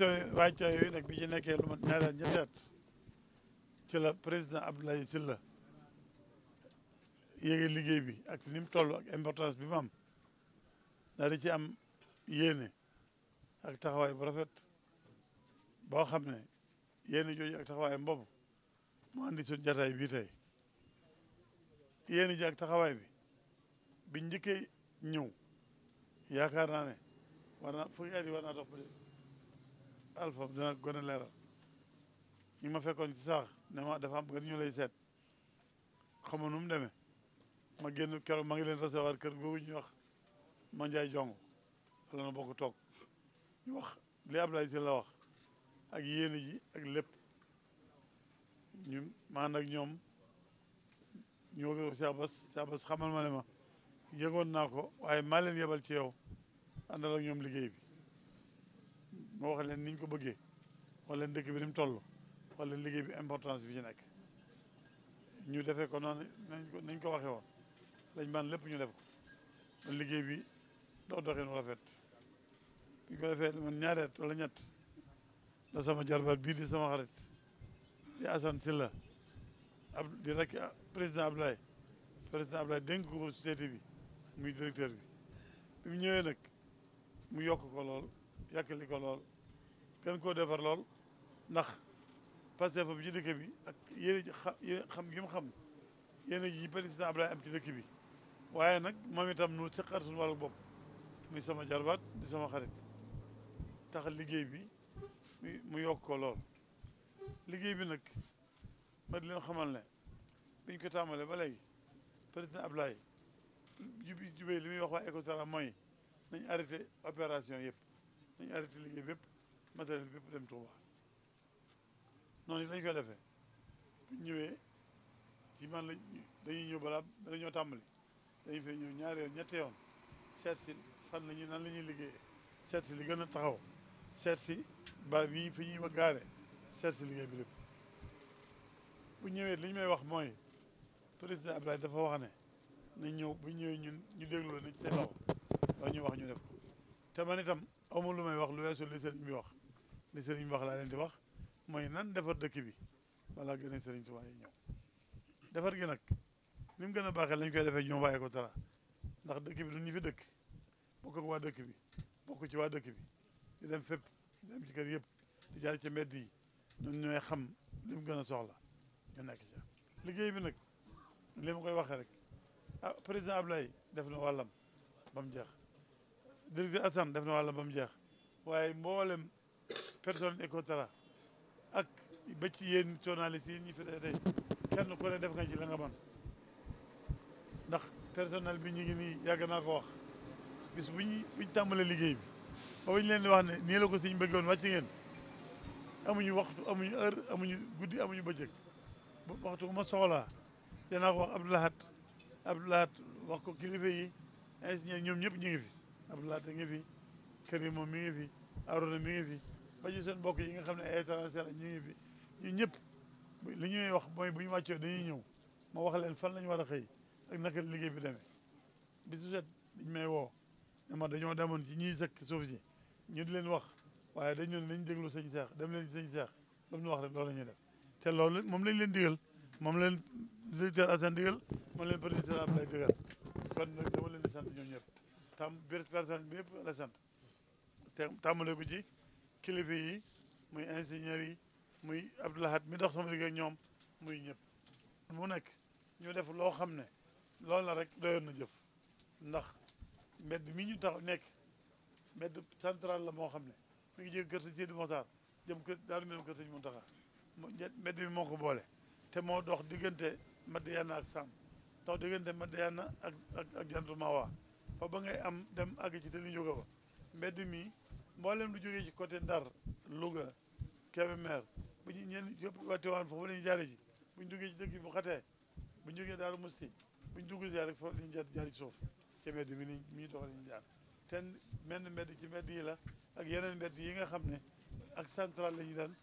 waajtaay waajtaay yooyu nag bi ci nekkee lu ma ñaareel ñetteet ci la président Abdoulaye Sylla yéege liggéey bi ak ni mu ak importance bi mu am daal di ci am yéene ak taxawaay bu rafet boo xam ne yéene jooju ak taxawaay boobu mu andi suñu jataay bii tey yéene taxawaay bi bi njëkkee ñëw yaakaar naa ne war naa fukki at yi war naa dox alfam dina gën a leeral ñi ma fekkoon ci saax ne ma dafa am gan ñu lay seet xamu nu mu demee ma génn keroog ma ngi leen recevoir kër googu ñu wax ma njaay jong wala na bokk toog ñu wax li Ablaye si la wax ak yéene ji ak lépp ñu maan ak ñoom ñoo ko si abas si abas xamal ma ne ma yëgoon naa ko waaye maa leen yebal ci yow àndal ak ñoom liggéey bi moo wax leen ni ñu ko bëggee wax leen dëkk bi ni mu toll wax liggéey bi importance bi ci nekk ñu defee ko noonu nañ ko waxee woon lañ man lépp ñu def ko liggéey bi doo doxin rafet bi ko defee man ñaareet wala ñett la sama jarbaat bii di sama xarit di Assane Sylla ab di rek président Abdoulaye président Abdoulaye dénk ko société bi muy directeur bi bi mu ñëwee nag mu yokk ko lool yàkkali ko lool gën koo defar lool ndax Pastef bi ci dëkk bi ak yéen a xam gi mu xam yéen ji président Abdoulaye am ci dëkk bi waaye nag moom itam nu seqal suñu wàllu bopp muy sama jarbaat di sama xarit tax liggéey bi mu yokk ko lool liggéey bi nag ma di leen xamal ne biñ ko tàmbalee ba léegi président Abdoulaye jub jubee li muy wax waa ECOTRA mooy nañ arrêté opération yëpp dañu arrêté liggéey bépp matériel bépp dem Touba noonu it lañ koy defee bu ñëwee ci man lañ dañuy ñëw balaa bala ñoo tàmbali dañuy fay ñëw ñaari yoon ñetti yoon seet si fan la ñuy nan la ñuy liggéeyee seet si li gën a taxaw seet si barab yi fi ñuy gaare seet si liggéey bi lépp bu ñëwee li ñu may wax mooy président Abdoulaye dafa wax ne nañ ñëw bu ñëwee ñu déglu la nañ seen wax ñu wax ñu def ko te man itam amul lu may wax lu weesu li sëriñ bi wax li sëriñ bi wax laa leen di wax mooy nan defar dëkk bi balaa gën a sëriñ Tuubaa yi ñëw defar gi nag ni mu gën a baaxee lañ koy defee ñoom waaye ko tara ndax dëkk bi du ñu fi dëkk bokk waa dëkk bi bokk ci waa dëkk bi di dem fépp di dem ci kër yëpp di jaar ci mbedd yi ñun ñooy xam li mu gën a soxla ñu nekk ci liggéey bi nag li ma koy waxee rek ah président Ablaye def na wàllam ba mu jeex directeur Assane def na wàlla ba mu jeex waaye mboolem personne Ecotra ak ba ci yéen journalistes yi ñu fi tey kenn ku ne def nga ci nga mën ndax personnel bi ñu ngi nii yàgg naa ko wax bis bu ñu bu liggéey bi ba ba ñu leen wax ne nii la ko suñ bëggoon wàcc ngeen amuñu waxtu amuñu heure amuñu guddi amuñu bëccëg waxtu bu ma soxlaa danaa ko wax Abdoulahat Abdoulahat wax ko kilifa yi ingénieur ñoom ñëpp ñu ngi fi Abdoulaye ngi fi Karimo mi ngi fi Arona mi ngi fi ba ci seen mbokk yi nga xam ne ay étranger la ñu ngi ñu ñëpp li ñuy wax mooy bu ñu wàccee dañuy ñëw ma wax leen fan lañu ñu war a xëy ak naka liggéey bi demee bi su set dañ woo ne ma dañoo demoon ci ñiy sëkk suuf si ñu leen wax waaye dañ leen nañ déglu sëñ Cheikh dem leen ci sëñ Cheikh ba mu wax rek loolu la ñuy def te loolu moom lañ leen digal moom leen directeur Assane digal moom leen président Abdoulaye digal kon nag dama leen di sant ñoom ñëpp tam biir personnel bi yëpp la sant te tàmbale yi muy ingénieur yi muy Abdoulahat mi dox sama liggéey ñoom muy ñëpp mu nekk ñu def loo xam ne loolu la rek doyoon na jëf ndax mbedd mi ñu tax nekk mbedd central la moo xam ne mi ngi jëg kër sëñ Sidi Moxtaar jëm kër daanu mel kër sëñ Muntaxa mbedd mi moo ko boole te moo dox diggante Madiyaana ak Sàmm dox diggante Madiyaana ak ak ak Jantu fa ba ngay am dem àgg ci te li jóge ba mbedd mi mboolem du jógee ci côté Ndar Louga Kébémer bu ñu ñenn yëpp wattiwaan foofu la ñuy jaare ji buñ ñu duggee ci dëkk bi bu xatee bu ñu jógee Daaru Musti bu ñu dugg ziar rek foofu la ñuy jaar ci suuf ci mbedd mi ni ñuy doxal ñu jaar ten menn mbedd ci mbedd yi la ak yeneen mbedd yi nga xam ne ak central la ñu daan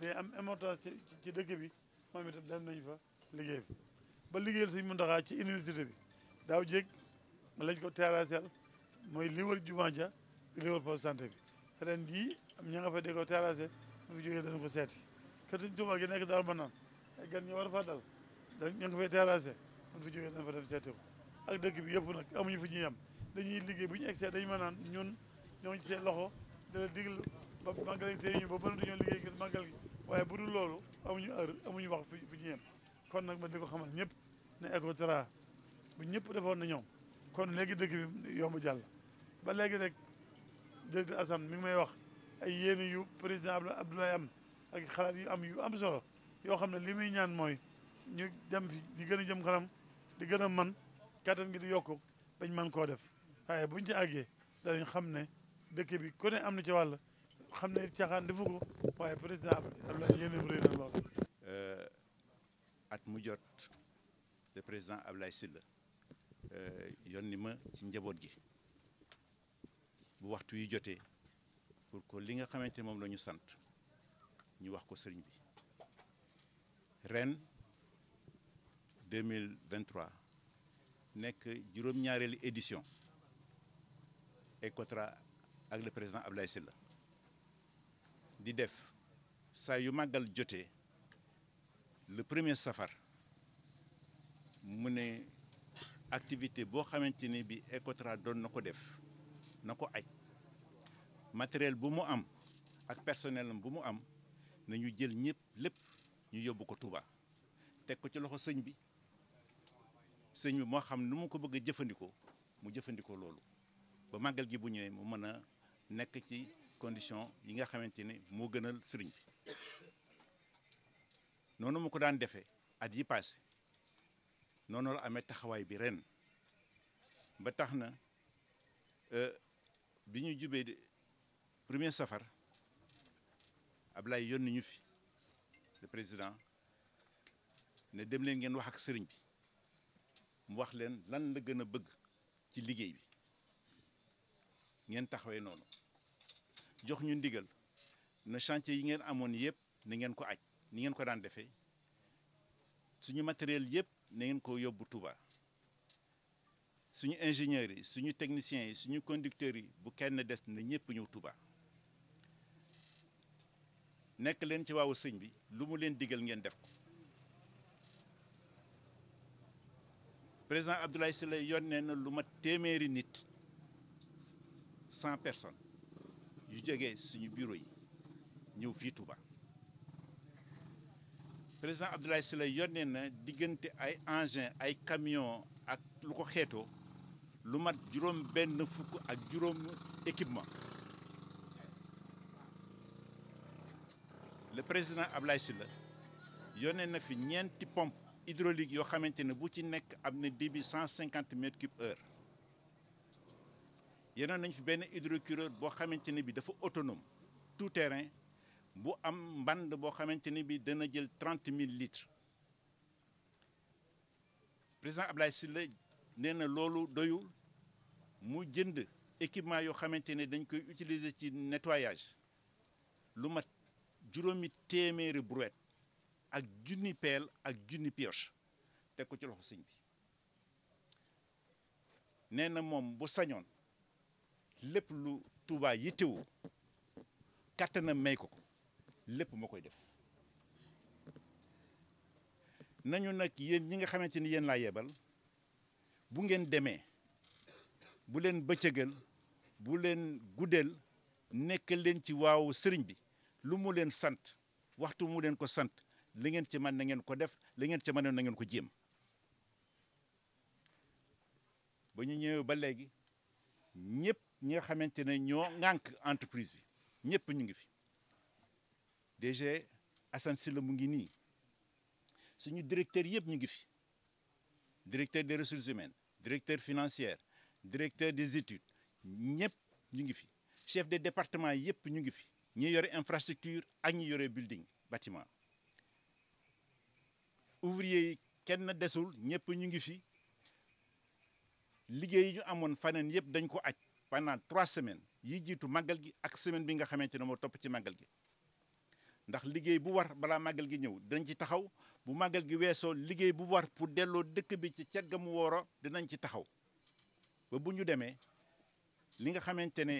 day am importance ci dëkk bi mi itam dem nañ fa liggéey bi ba liggéeyal Sëñ Muntaxa ci université bi daaw jéeg lañ ko terrassel mooy li wër jumaa ja li wër poste santé bi ren jii am ña nga fa dee ko terrassé mu fi jógee dañ ko seeti kër Sëñ Tuubaa gi nekk daal mën naan ay gan ñu war fa dal da ña nga fay terrassé mu fi jógee dañ fa dem seeti ko ak dëkk bi yëpp nag amuñu fi ñuy yem dañuy liggéey bu ñu egsee dañu mën naan ñun ñoo ngi ci loxo dana digal ba màggal gi tey ñu ba mënatuñoo liggéey ngir màggal gi waaye bu dul loolu amuñu heure amuñu wax fi fi ñu yem kon nag ma di ko xamal ñëpp ne Ecotra bu ñëpp defoon na ñoom kon léegi dëkk bi yomb jàll ba léegi rek directeur Assane mi ngi may wax ay yéene yu président Abdoulaye am ak xalaat yu am yu am solo yoo xam ne li muy ñaan mooy ñu dem fi di gën a jëm kanam di gën a man kattan gi di yokk bañ man koo def waaye buñ ci àggee danañ xam ne dëkk bi ku am na ci wàll xam ne caaxaan defu ko waaye président Abdoulaye yéene bu rëy na lool euh, at mu jot le président Abdoulaye Sylla Euh, yónni ma ci njaboot gi bu waxtu yi jotee pour que li nga xamante ne moom lañu sant ñu wax ko sëriñ bi ren 2023 nekk juróom-ñaareelu et ECOTRA ak le président Abdoulaye la di def saa yu màggal jotee le premier safar mu ne activité boo xamante ni bi Ecotra doon na ko def na ko aj matériel bu mu am ak personnel am bu mu am nañu jël ñëpp lépp ñu yóbbu ko Touba teg ko ci loxo sëñ bi sëñ bi moo xam nu mu ko bëgg a jëfandikoo mu jëfandikoo loolu ba màggal gi bu ñëwee mu mën a nekk ci condition yi nga xamante ne moo gënal sëriñ bi noonu mu ko daan defee at yi passé noonu la amee taxawaay bi ren ba tax na euh, bi ñu jubee de premier safar Ablaye yónni ñu fi le président ne dem ngeen wax ak sëriñ bi mu wax leen lan la gën a bëgg ci liggéey bi ngeen taxawee noonu jox ñu ndigal na chantier yi ngeen amoon yëpp ni ngeen ko aj ni ngeen ko daan defee suñu matériel yëpp na ngeen ko yóbbu tubaa suñu ingénieurs yi suñu techniciens yi suñu conducteurs yi bu kenn des na ñëpp ñëw Touba nekk leen ci waawu sëñ bi lu mu leen digal ngeen def ko président Abdoulaye Sylla yónnee na lu ma téeméeri nit cent personnes yu jógee suñu bureau yi ñëw fii tubaa président Abdoulaye Sylla yónnee na diggante ay engin ay camion ak lu ko xeetoo lu mat juróom benn fukk ak juróom équipement le président Abdoulaye Sylla yónnee na fi ñeenti pompe hydraulique yoo xamante ne bu ci nekk am na débit cent cinquante mètres cube heure yenoon nañ fi benn hydrocureur boo xamante ne bi dafa autonome tout terrain bu am mband boo xamante ni bi dana jël trente mille litres président Ablaye Sylla nee na loolu doyul mu jënd équipement yoo xamante ne dañ koy utiliser ci nettoyage lu mat juróomi téeméeri brouette ak junni peel ak junni pioche te ko ci loxo sëñ bi nee na moom bu sañoon lépp lu yi yittewoo kàttanam may ko ko lépp moo koy def nañu nag yéen ñi nga xamante ni yéen laa yebal bu ngeen demee bu leen bëccëgal bu leen guddeel nekk leen ci waaw sëriñ bi lu mu leen sant waxtu mu leen ko sant li ngeen ci mën na ngeen ko def li ngeen ci mën na ngeen ko jéem ba ñu ñëwee ba léegi ñëpp ñi nga xamante ne ñoo ŋànk entreprise bi ñëpp ñu ngi fi DG Assane Sylla mu ngi nii suñu directeur yëpp ñu ngi fi directeur de ressources humaines directeur financière directeur des études ñëpp ñu ngi fi chef de département yëpp ñu ngi fi ñu yore infrastructure ak ñu yore building bâtiment ouvrier yi kenn desul ñëpp ñu ngi fi liggéey yi ñu amoon faneen yëpp dañ ko aj pandant trois semaines yi jiitu màggal gi ak semaine bi nga xamante ne moo topp ci màggal gi ndax liggéey bu war balaa màggal gi ñëw dinañ ci taxaw bu màggal gi weesoo liggéey bu war pour delloo dëkk bi ci cet ga mu wooro dinañ ci taxaw ba bu ñu demee li nga xamante ne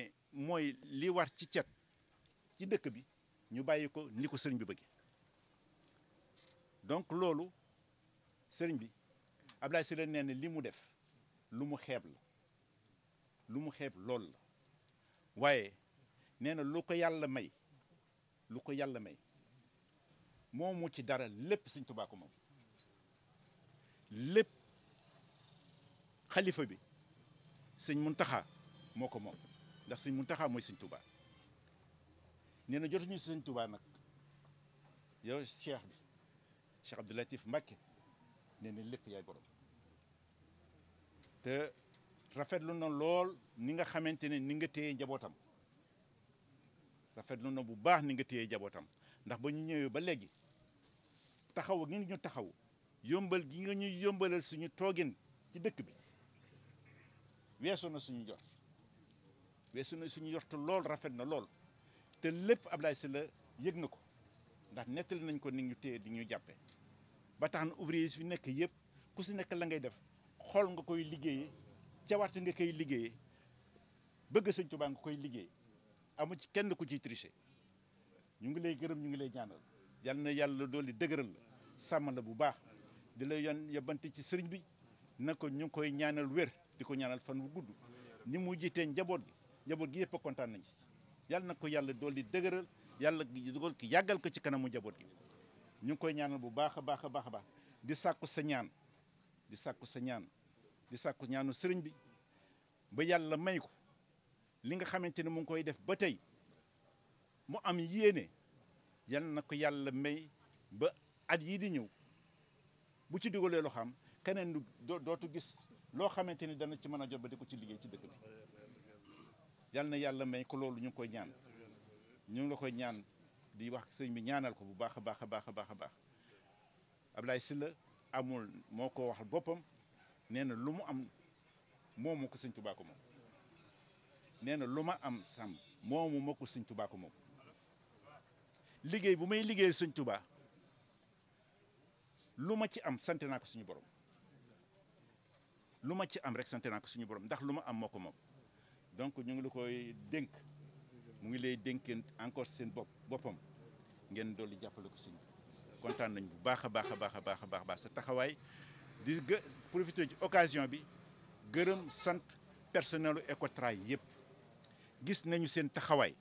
mooy li war ci cet ci dëkk bi ñu bàyyi ko ni ko sëriñ bi bëgge donc loolu sëriñ bi Abdoulaye Sylla nee na li mu def lu mu xeeb la lu mu xeeb lool la waaye nee na lu ko yàlla may lu ko yàlla may moomu ci dara lépp sëñ Tuubaa ko moom lépp xalifa bi sëñ Muntaxa moo ko moom ndax sëñ taxa mooy sëñ Tuubaa nee na jotuñu si sëñ Tuubaa nag yow cheikh bi Cheikh Abdou Latif Mbacke nee na lépp yaay borom te rafetlu na lool ni nga xamante ne ni nga téye njabootam rafet rafetlu na bu baax ni nga téye jabootam ndax ba ñu ñëwee ba léegi taxaw gi ñu taxaw yombal gi nga ñuy yombalal suñu toogin ci dëkk bi weesoon na suñu jort weesu na suñu yor te lool rafet na lool te lépp Ablaye la yég na ko ndax nettali nañ ko ni ñu téye di ñu jàppe ba tax na ouvrier yi nekk yëpp ku si nekk la ngay def xool nga koy liggéeyee cawarte nga koy liggéeyee bëgg sëñ Tuubaa nga koy liggéey amu ci kenn ku ciy tricher ñu ngi lay gërëm ñu ngi lay ñaanal yal na yàlla dolli dëgëral la sàmm la bu baax di la yon yabante ci sëriñ bi na ko ñu ngi koy ñaanal wér di ko ñaanal fan bu gudd ni mu jiitee njaboot gi njaboot gi yëpp kontaan nañ ci yàlla na ko yàlla dool di dëgëral yàlla dugal ki yàggal ko ci kanamu njaboot gi ñu ngi koy ñaanal bu baax a baax a baax a baax di sàkku sa ñaan di sàkku sa ñaan di sàkku ñaanu sëriñ bi ba yàlla may ko li nga xamante ne mu ngi koy def ba tey mu am yéene yal na ko yàlla may ba at yii di ñëw bu ci dugalee loo xam keneen du dootu gis loo xamante ni dana ci mën a jot ba di ko ci liggéey ci dëkk bi yal na yàlla may ko loolu ñu ngi koy ñaan ñu ngi koy ñaan di wax sëñ bi ñaanal ko bu baax a baax a baax a baax a baax Ablaye Sylla amul moo ko wax boppam nee na lu mu am moomu ko sëñ Tuubaa ko moom nee na lu ma am sam moomu ma ko sëñ tubaa moom liggéey bu may liggéey sëñ tubaa lu ma ci am sant naa ko suñu borom lu ma ci am rek sant naa ko suñu borom ndax lu ma am moo ko moom donc ñu ngi la koy dénk mu ngi lay dénkeen encore seen bopp boppam ngeen dolli jàppale ko sëñ kontaan nañ bu baax a baax a baax a baax a baax baax taxawaay di gë profité ci occasion bi gërëm sant personnelu Ecotra yëpp gis nañu seen taxawaay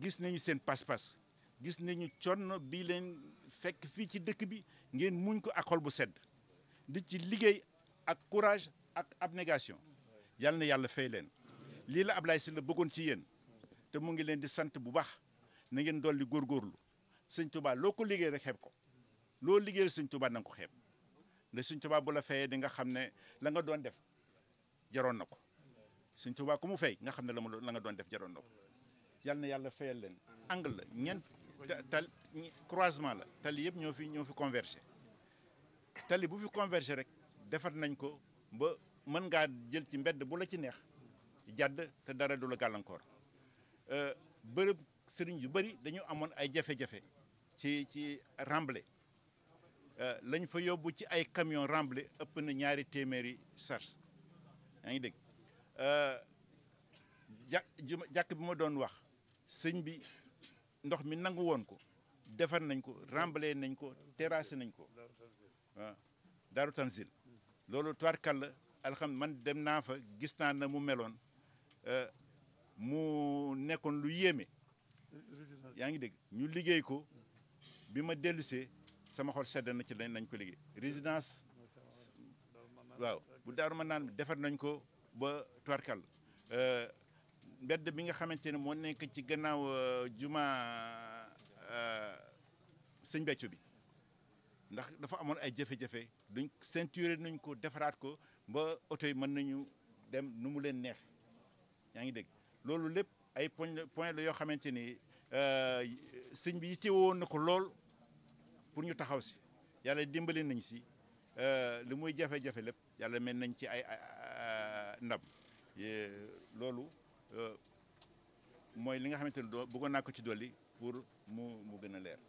gis nañu seen pas-pas gis nañu coono bi leen fekk fii ci dëkk bi ngeen muñ ko ak xol bu sedd di ci liggéey ak courage ak abnégation yal na yàlla fay leen. lii la ab Ablaye la bëggoon ci yéen te mu ngi leen di sant bu baax na ngeen dolli góorgóorlu sëñ Tuubaa loo ko liggéey rek xeeb ko loo liggéeyal sëñ Tuubaa na ko xeeb ndax sëñ Tuubaa bu la fayee di nga xam ne la nga doon def jaroon na ko. suñ Tuubaa ku mu fay nga xam ne la mu la nga doon def jaroon na ko yal na yàlla fayal leen angle la ñeent tal croisement la tali yëpp ñoo fi ñoo fi convergé tali bu fi convergé rek defar nañ ko ba mën nga jël ci mbedd bu la ci neex jàdd te dara du la gàllankoor euh, bërëb sëriñ yu bëri dañu amoon ay jafe-jafe ci ci remblai euh, lañ fa yóbbu ci ay camion remblai ëpp na ñaari téeméeri sars yaa ngi dégg jàkk jàkk bi ma doon wax sëñ bi ndox mi nangu woon ko defar nañ ko remblé nañ ko terrassé nañ ko waaw daaru tanzil loolu toirkal la alxam man dem naa fa gis naa na mu meloon euh, mu nekkoon lu yéeme yaa ngi dégg ñu liggéey ko bi ma dellusee sama xol sedd na ci lañ nañ ko liggéey résidence waaw bu daaru ma naan defar nañ ko ba tubarkal euh, mbedd bi nga xamante ne moo nekk ci gannaaw euh, juma euh, sëñ Béthio bi ndax dafa amoon ay jafe-jafe duñ ceinture nañ ko defaraat ko ba oto yi mën nañu dem nu mu leen neex yaa ngi dégg loolu lépp ay point point la yoo xamante ni sëñ bi yitte woon na ko lool pour ñu taxaw si yàlla dimbali nañ si li muy jafe-jafe lépp yàlla mel nañ ci ay ndam loolu euh, mooy li nga xamante ne doo bëggoon naa ko ci dolli pour mu mu gën a leer.